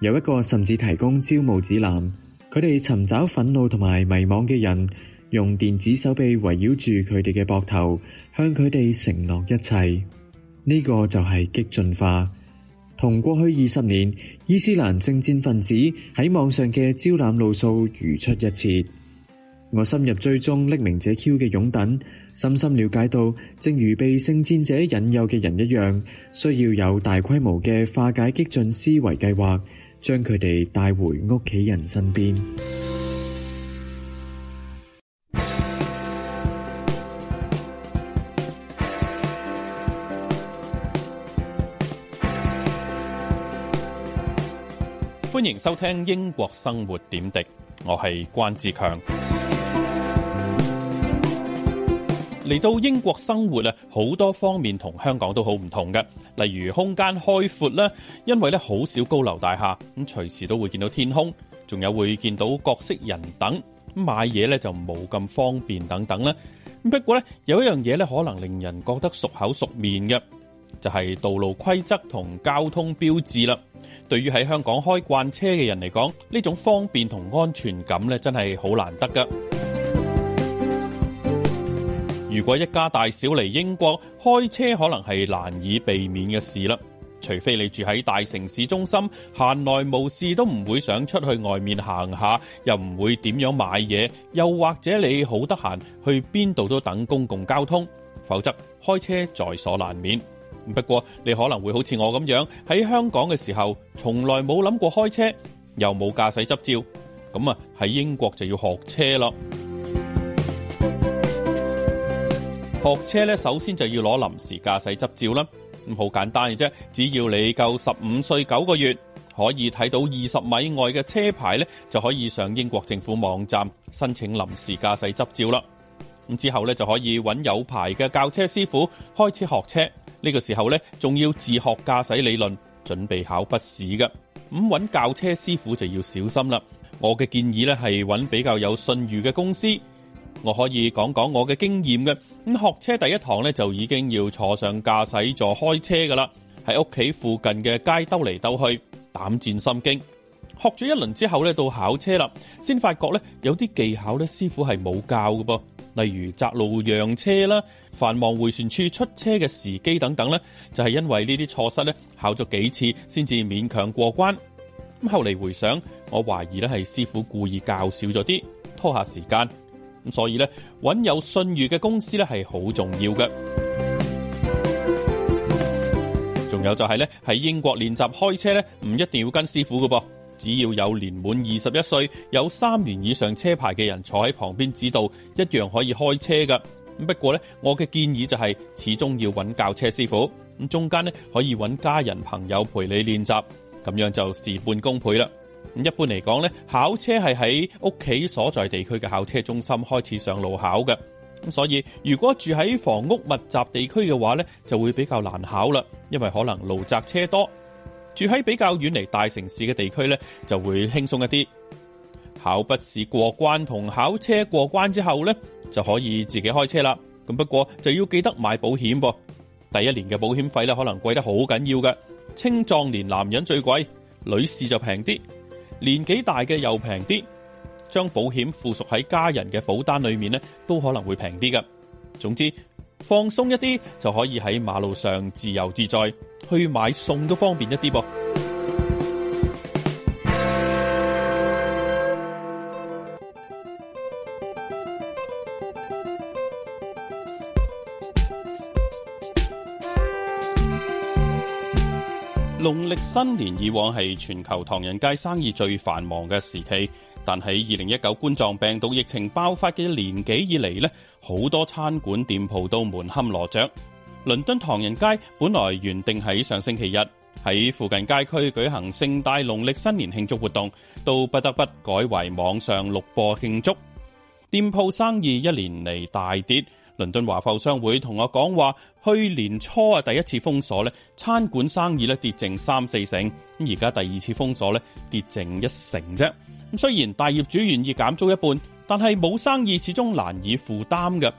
有一個甚至提供招募指南，佢哋尋找憤怒同埋迷惘嘅人，用電子手臂圍繞住佢哋嘅膊頭，向佢哋承諾一切。呢、這個就係激進化，同過去二十年伊斯蘭聖戰分子喺網上嘅招攬路數如出一轍。我深入追蹤匿名者 Q 嘅擁躉，深深了解到，正如被聖戰者引誘嘅人一樣，需要有大規模嘅化解激進思維計劃。將佢哋帶回屋企人身邊。歡迎收聽英國生活點滴，我係關志強。嚟到英國生活咧，好多方面同香港都好唔同嘅，例如空間開闊啦，因為咧好少高樓大廈，咁隨時都會見到天空，仲有會見到各色人等，買嘢咧就冇咁方便等等啦。不過咧有一樣嘢咧，可能令人覺得熟口熟面嘅，就係道路規則同交通標誌啦。對於喺香港開慣車嘅人嚟講，呢種方便同安全感咧，真係好難得噶。如果一家大小嚟英國，開車可能係難以避免嘅事啦。除非你住喺大城市中心，閒來無事都唔會想出去外面行下，又唔會點樣買嘢，又或者你好得閒去邊度都等公共交通，否則開車在所難免。不過你可能會好似我咁樣喺香港嘅時候，從來冇諗過開車，又冇駕駛執照，咁啊喺英國就要學車咯。學車咧，首先就要攞臨時駕駛執照啦。咁好簡單嘅啫，只要你夠十五歲九個月，可以睇到二十米外嘅車牌咧，就可以上英國政府網站申請臨時駕駛執照啦。咁之後咧，就可以揾有牌嘅教車師傅開始學車。呢個時候咧，仲要自學駕駛理論，準備考筆試㗎。咁揾教車師傅就要小心啦。我嘅建議咧係揾比較有信譽嘅公司。我可以講講我嘅經驗嘅，咁學車第一堂咧就已經要坐上駕駛座開車噶啦，喺屋企附近嘅街兜嚟,兜去，膽戰心驚。學咗一輪之後咧，到考車啦，先發覺咧有啲技巧咧師傅係冇教嘅噃，例如窄路讓車啦、繁忙迴旋處出車嘅時機等等咧，就係、是、因為呢啲錯失咧考咗幾次先至勉強過關。咁後嚟回想，我懷疑咧係師傅故意教少咗啲，拖下時間。所以咧，揾有信譽嘅公司咧係好重要嘅。仲有就係咧，喺英國練習開車咧，唔一定要跟師傅嘅噃，只要有年滿二十一歲、有三年以上車牌嘅人坐喺旁邊指導，一樣可以開車㗎。不過咧，我嘅建議就係，始終要揾教車師傅。咁中間咧可以揾家人朋友陪你練習，咁樣就事半功倍啦。一般嚟講咧，考車係喺屋企所在地區嘅考車中心開始上路考嘅。咁所以如果住喺房屋密集地區嘅話咧，就會比較難考啦，因為可能路窄車多。住喺比較遠離大城市嘅地區咧，就會輕鬆一啲。考筆試過關同考車過關之後咧，就可以自己開車啦。咁不過就要記得買保險噃。第一年嘅保險費咧，可能貴得好緊要嘅。青壯年男人最貴，女士就平啲。年紀大嘅又平啲，將保險附屬喺家人嘅保單裏面咧，都可能會平啲㗎。總之放鬆一啲就可以喺馬路上自由自在，去買餸都方便一啲噃。農曆新年以往係全球唐人街生意最繁忙嘅時期，但喺二零一九冠狀病毒疫情爆發嘅年幾以嚟咧，好多餐館店鋪都門可羅雀。倫敦唐人街本來原定喺上星期日喺附近街區舉行盛大農曆新年慶祝活動，都不得不改為網上錄播慶祝。店鋪生意一年嚟大跌。倫敦華埠商會同我講話，去年初啊，第一次封鎖咧，餐館生意咧跌剩三四成。咁而家第二次封鎖咧，跌剩一成啫。咁雖然大業主願意減租一半，但係冇生意，始終難以負擔嘅。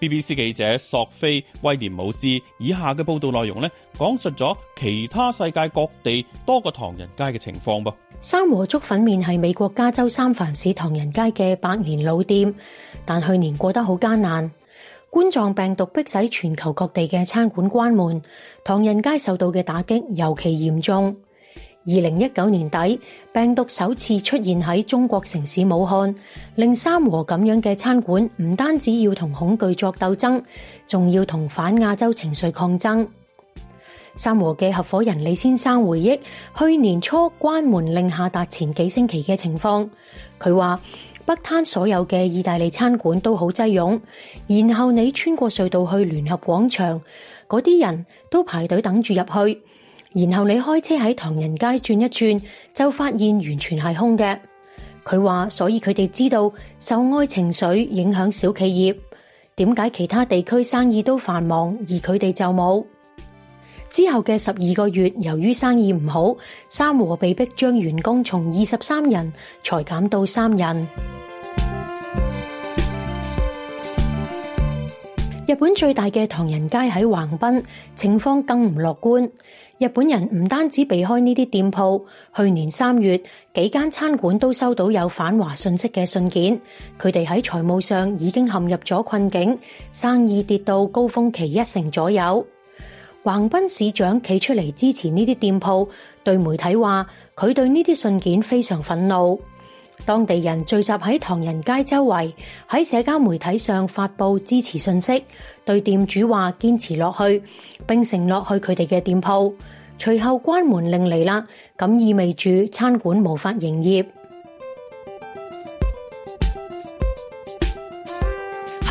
BBC 記者索菲威廉姆斯以下嘅報道內容呢，講述咗其他世界各地多個唐人街嘅情況噃。三和粥粉麵係美國加州三藩市唐人街嘅百年老店，但去年過得好艱難。冠狀病毒迫使全球各地嘅餐館關門，唐人街受到嘅打擊尤其嚴重。二零一九年底，病毒首次出現喺中國城市武漢，令三和咁樣嘅餐館唔單止要同恐懼作鬥爭，仲要同反亞洲情緒抗爭。三和嘅合夥人李先生回憶去年初關門令下達前幾星期嘅情況，佢話：北灘所有嘅意大利餐館都好擠擁，然後你穿過隧道去聯合廣場，嗰啲人都排隊等住入去，然後你開車喺唐人街轉一轉，就發現完全係空嘅。佢話所以佢哋知道，受疫情影響小企業，點解其他地區生意都繁忙，而佢哋就冇。之後嘅十二個月，由於生意唔好，三和被迫將員工從二十三人，裁減到三人。日本最大嘅唐人街喺橫濱，情況更唔樂觀。日本人唔單止避開呢啲店鋪，去年三月，幾間餐館都收到有反華信息嘅信件。佢哋喺財務上已經陷入咗困境，生意跌到高峰期一成左右。橫濱市長企出嚟支持呢啲店鋪，對媒體話佢對呢啲信件非常憤怒。當地人聚集喺唐人街周圍，喺社交媒體上發布支持信息，對店主話堅持落去，並承諾去佢哋嘅店鋪。隨後關門令嚟啦，噉意味住餐館無法營業。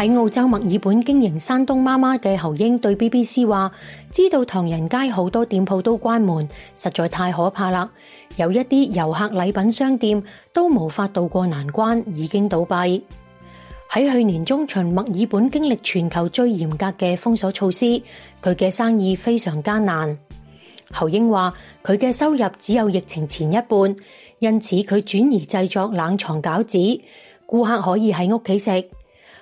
喺澳洲墨爾本經營山東媽媽嘅侯英對 BBC 話，知道唐人街好多店鋪都關門，實在太可怕啦！有一啲遊客禮品商店都無法渡過難關，已經倒閉。喺去年中旬，墨爾本經歷全球最嚴格嘅封鎖措施，佢嘅生意非常艱難。侯英話，佢嘅收入只有疫情前一半，因此佢轉移製作冷藏餃子，顧客可以喺屋企食。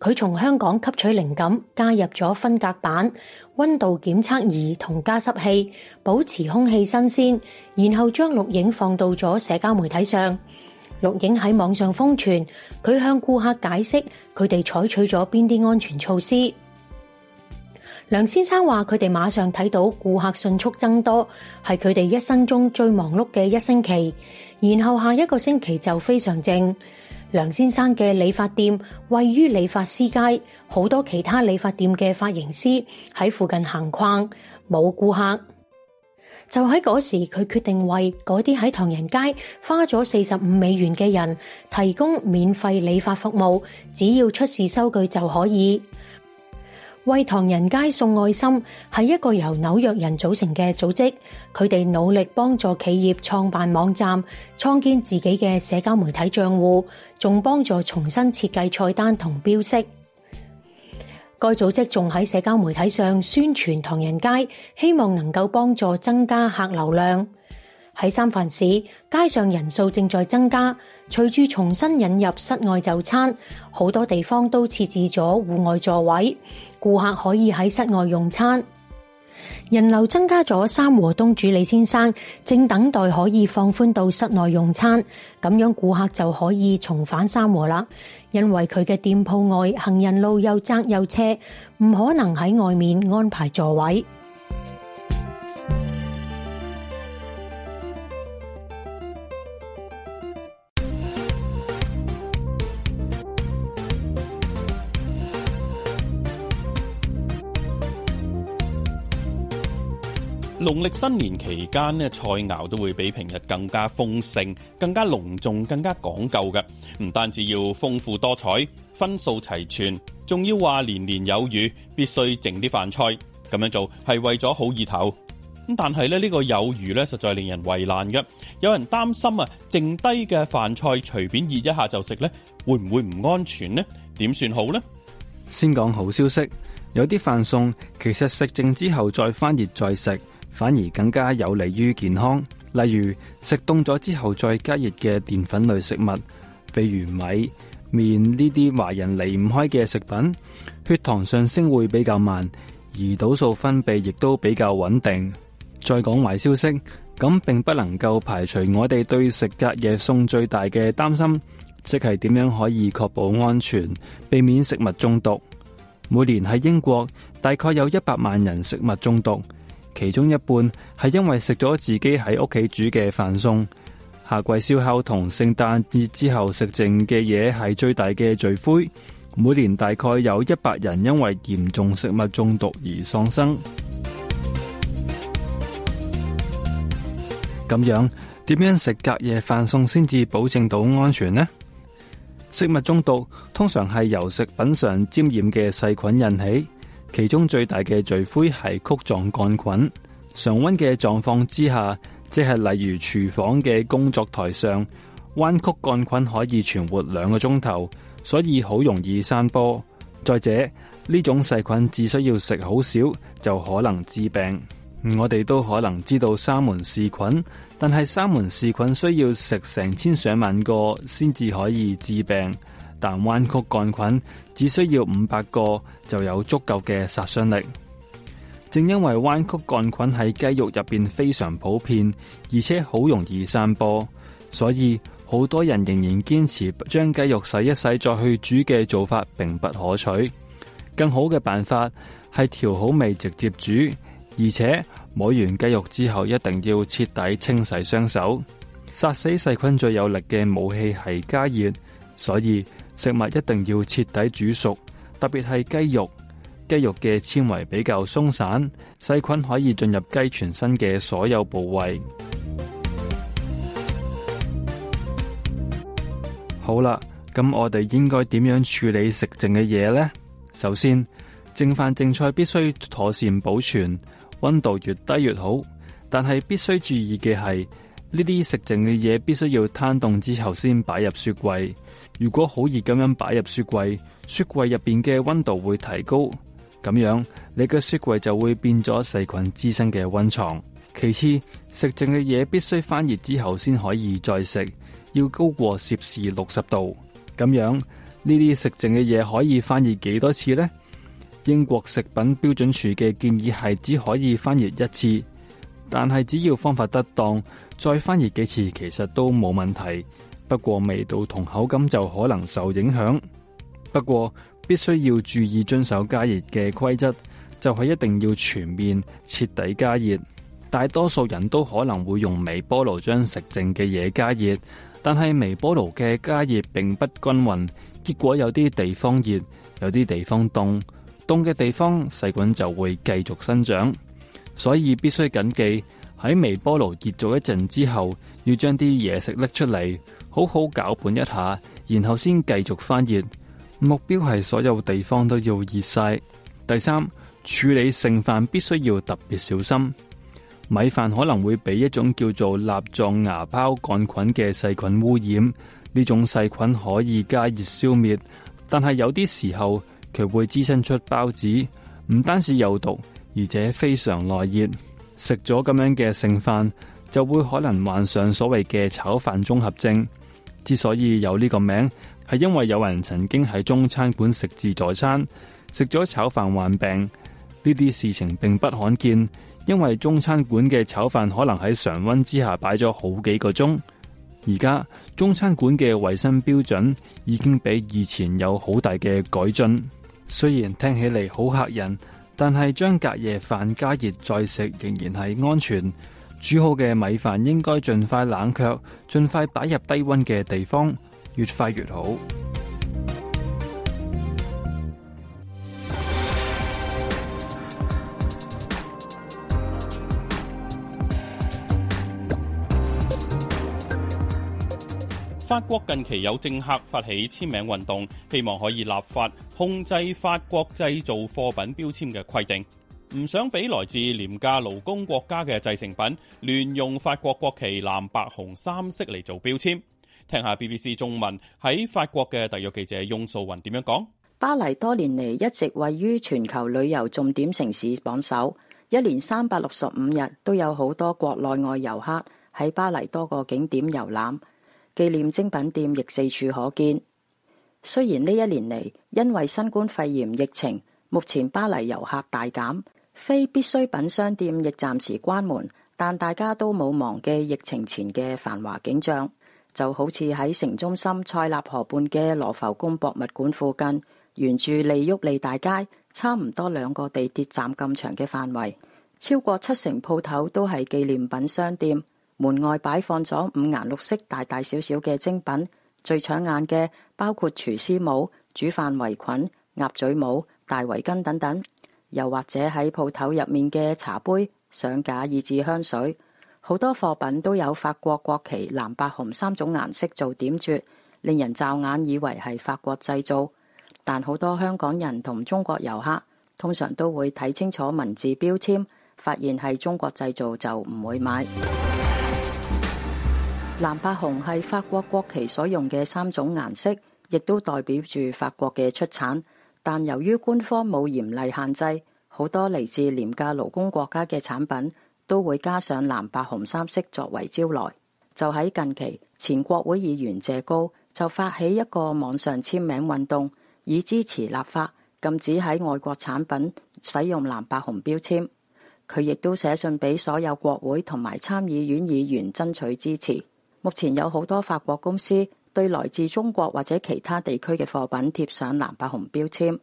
佢從香港吸取靈感，加入咗分隔板、溫度檢測儀同加濕器，保持空氣新鮮，然後將錄影放到咗社交媒體上。錄影喺網上瘋傳，佢向顧客解釋佢哋採取咗邊啲安全措施。梁先生話佢哋馬上睇到顧客迅速增多，係佢哋一生中最忙碌嘅一星期，然後下一個星期就非常靜。梁先生嘅理髮店位於理髮師街，好多其他理髮店嘅髮型師喺附近行框，冇顧客。就喺嗰時，佢決定為嗰啲喺唐人街花咗四十五美元嘅人提供免費理髮服務，只要出示收據就可以。為唐人街送愛心係一個由紐約人組成嘅組織，佢哋努力幫助企業創辦網站、創建自己嘅社交媒體賬戶，仲幫助重新設計菜單同標識。該組織仲喺社交媒體上宣傳唐人街，希望能夠幫助增加客流量。喺三藩市，街上人數正在增加，隨住重新引入室外就餐，好多地方都設置咗戶外座位。顧客可以喺室外用餐，人流增加咗。三和東主李先生正等待可以放寬到室內用餐，咁樣顧客就可以重返三和啦。因為佢嘅店鋪外行人路又窄又斜，唔可能喺外面安排座位。農曆新年期間咧，菜肴都會比平日更加豐盛、更加隆重、更加講究嘅。唔單止要豐富多彩、分數齊全，仲要話年年有餘，必須剩啲飯菜。咁樣做係為咗好意頭。咁但係咧呢個有餘呢，實在令人為難嘅。有人擔心啊，剩低嘅飯菜隨便熱一下就食呢，會唔會唔安全呢？點算好呢？先講好消息，有啲飯餸其實食剩之後再翻熱再食。反而更加有利於健康，例如食凍咗之後再加熱嘅澱粉類食物，譬如米麵呢啲華人離唔開嘅食品，血糖上升會比較慢，而胰島素分泌亦都比較穩定。再講壞消息，咁並不能夠排除我哋對食隔夜餸最大嘅擔心，即係點樣可以確保安全，避免食物中毒。每年喺英國，大概有一百萬人食物中毒。其中一半係因為食咗自己喺屋企煮嘅飯餸，夏季燒烤同聖誕節之後食剩嘅嘢係最大嘅罪魁。每年大概有一百人因為嚴重食物中毒而喪生。咁樣點樣食隔夜飯餸先至保證到安全呢？食物中毒通常係由食品上沾染嘅細菌引起。其中最大嘅罪魁係曲狀桿菌，常溫嘅狀況之下，即係例如廚房嘅工作台上，彎曲桿菌可以存活兩個鐘頭，所以好容易散播。再者，呢種細菌只需要食好少就可能致病，我哋都可能知道三門氏菌，但係三門氏菌需要食成千上萬個先至可以致病。但彎曲桿菌只需要五百個就有足夠嘅殺傷力。正因為彎曲桿菌喺雞肉入邊非常普遍，而且好容易散播，所以好多人仍然堅持將雞肉洗一洗再去煮嘅做法並不可取。更好嘅辦法係調好味直接煮，而且摸完雞肉之後一定要徹底清洗雙手。殺死細菌最有力嘅武器係加熱，所以，食物一定要徹底煮熟，特別係雞肉。雞肉嘅纖維比較鬆散，細菌可以進入雞全身嘅所有部位。 <noise> 好啦，咁我哋應該點樣處理食剩嘅嘢呢？首先，剩飯剩菜必須妥善保存，溫度越低越好。但係必須注意嘅係呢啲食剩嘅嘢，必須要攤凍之後先擺入雪櫃。如果好熱咁樣擺入雪櫃，雪櫃入邊嘅溫度會提高，咁樣你嘅雪櫃就會變咗細菌滋生嘅溫床。其次，食剩嘅嘢必須翻熱之後先可以再食，要高過攝氏六十度。咁樣呢啲食剩嘅嘢可以翻熱幾多次呢？英國食品標準處嘅建議係只可以翻熱一次，但係只要方法得當，再翻熱幾次其實都冇問題。不過味道同口感就可能受影響。不過必須要注意遵守加熱嘅規則，就係一定要全面徹底加熱。大多數人都可能會用微波爐將食剩嘅嘢加熱，但係微波爐嘅加熱並不均勻，結果有啲地方熱，有啲地方凍，凍嘅地方細菌就會繼續生長。所以必須謹記，喺微波爐熱咗一陣之後，要將啲嘢食拎出嚟，好好攪拌一下，然後先繼續翻熱，目標係所有地方都要熱晒。第三，處理剩飯必須要特別小心，米飯可能會被一種叫做蠟狀芽孢杆菌嘅細菌污染。呢種細菌可以加熱消滅，但係有啲時候佢會滋生出孢子，唔單止有毒，而且非常耐熱。食咗咁樣嘅剩飯，就會可能患上所謂嘅炒飯綜合症。之所以有呢個名，係因為有人曾經喺中餐館食自助餐，食咗炒飯患病。呢啲事情並不罕見，因為中餐館嘅炒飯可能喺常溫之下擺咗好幾個鐘。而家中餐館嘅衛生標準已經比以前有好大嘅改進。雖然聽起嚟好吓人，但係將隔夜飯加熱再食，仍然係安全。煮好嘅米飯應該盡快冷卻，盡快擺入低溫嘅地方，越快越好。法國近期有政客發起簽名運動，希望可以立法控制法國製造貨品標籤嘅規定。唔想俾來自廉價勞工國家嘅製成品亂用法國國旗藍白紅三色嚟做標籤。聽下 BBC 中文喺法國嘅特約記者雍素雲點樣講。巴黎多年嚟一直位於全球旅遊重點城市榜首，一年三百六十五日都有好多國內外遊客喺巴黎多個景點遊覽，紀念精品店亦四處可見。雖然呢一年嚟因為新冠肺炎疫情，目前巴黎遊客大減。非必需品商店亦暫時關門，但大家都冇忘記疫情前嘅繁華景象。就好似喺城中心塞納河畔嘅羅浮宮博物館附近，沿住利沃利大街，差唔多兩個地鐵站咁長嘅範圍，超過七成鋪頭都係紀念品商店，門外擺放咗五顏六色、大大小小嘅精品。最搶眼嘅包括廚師帽、煮飯圍裙、鴨嘴帽、大圍巾等等。又或者喺鋪頭入面嘅茶杯、上架以至香水，好多貨品都有法國國旗藍、白、紅三種顏色做點綴，令人驟眼以為係法國製造。但好多香港人同中國遊客通常都會睇清楚文字標籤，發現係中國製造就唔會買。藍、白、紅係法國國旗所用嘅三種顏色，亦都代表住法國嘅出產。但由於官方冇嚴厲限制，好多嚟自廉價勞工國家嘅產品都會加上藍、白、紅三色作為招徠。就喺近期，前國會議員謝高就發起一個網上簽名運動，以支持立法禁止喺外國產品使用藍、白、紅標籤。佢亦都寫信俾所有國會同埋參議院議員爭取支持。目前有好多法國公司。對來自中國或者其他地區嘅貨品貼上藍、白、紅標籤，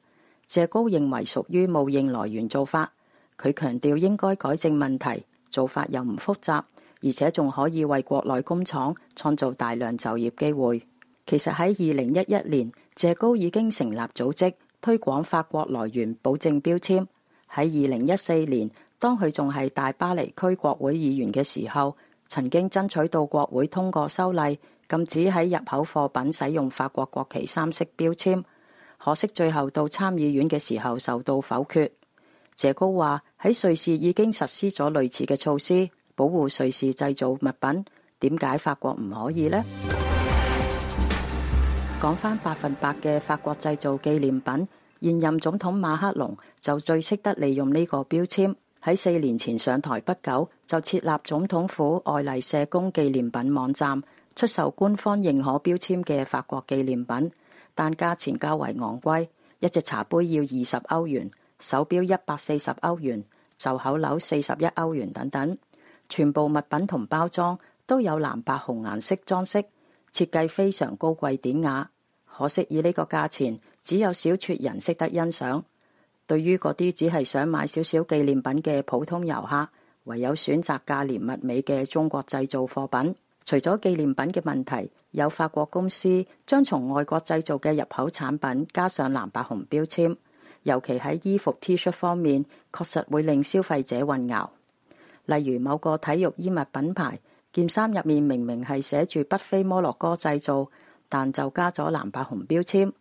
謝高認為屬於冒認來源做法。佢強調應該改正問題，做法又唔複雜，而且仲可以為國內工廠創造大量就業機會。其實喺二零一一年，謝高已經成立組織推廣法國來源保證標籤。喺二零一四年，當佢仲係大巴黎區國會議員嘅時候，曾經爭取到國會通過修例。禁止喺入口貨品使用法國國旗三色標籤，可惜最後到參議院嘅時候受到否決。謝高話喺瑞士已經實施咗類似嘅措施，保護瑞士製造物品，點解法國唔可以呢？講返百分百嘅法國製造紀念品，現任總統馬克龍就最識得利用呢個標籤。喺四年前上台不久，就設立總統府愛麗舍宮紀念品網站。出售官方認可標籤嘅法國紀念品，但價錢較為昂貴，一隻茶杯要二十歐元，手錶一百四十歐元，袖口紐四十一歐元等等。全部物品同包裝都有藍白紅顏色裝飾，設計非常高貴典雅。可惜以呢個價錢，只有小撮人識得欣賞。對於嗰啲只係想買少少紀念品嘅普通遊客，唯有選擇價廉物美嘅中國製造貨品。除咗紀念品嘅問題，有法國公司將從外國製造嘅入口產品加上藍白紅標籤，尤其喺衣服 T 恤方面，確實會令消費者混淆。例如某個體育衣物品牌，件衫入面明明係寫住北非摩洛哥製造，但就加咗藍白紅標籤。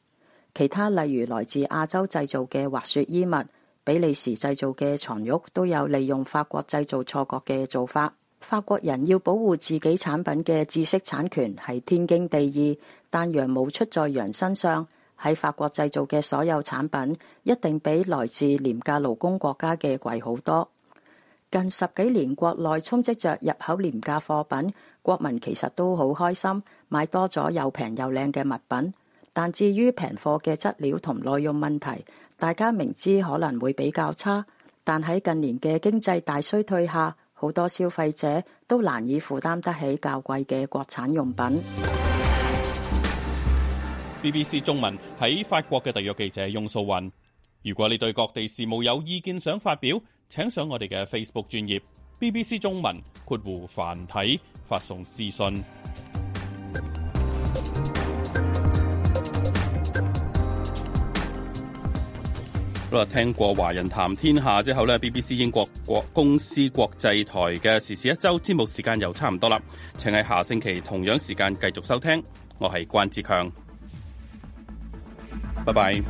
其他例如來自亞洲製造嘅滑雪衣物、比利時製造嘅床褥都有利用法國製造錯覺嘅做法。法國人要保護自己產品嘅知識產權係天經地義，但羊毛出在羊身上，喺法國製造嘅所有產品一定比來自廉價勞工國家嘅貴好多。近十幾年國內充斥着入口廉價貨品，國民其實都好開心，買多咗又平又靚嘅物品。但至於平貨嘅質料同耐用問題，大家明知可能會比較差，但喺近年嘅經濟大衰退下。好多消費者都難以負擔得起較貴嘅國產用品。BBC 中文喺法國嘅特約記者用素雲。如果你對各地事務有意見想發表，請上我哋嘅 Facebook 專頁 BBC 中文括弧繁體發送私信。咁啊，聽過《華人談天下》之後咧，BBC 英國廣播公司國際台嘅時事一周節目時間又差唔多啦，請喺下星期同樣時間繼續收聽，我係關志強，拜拜。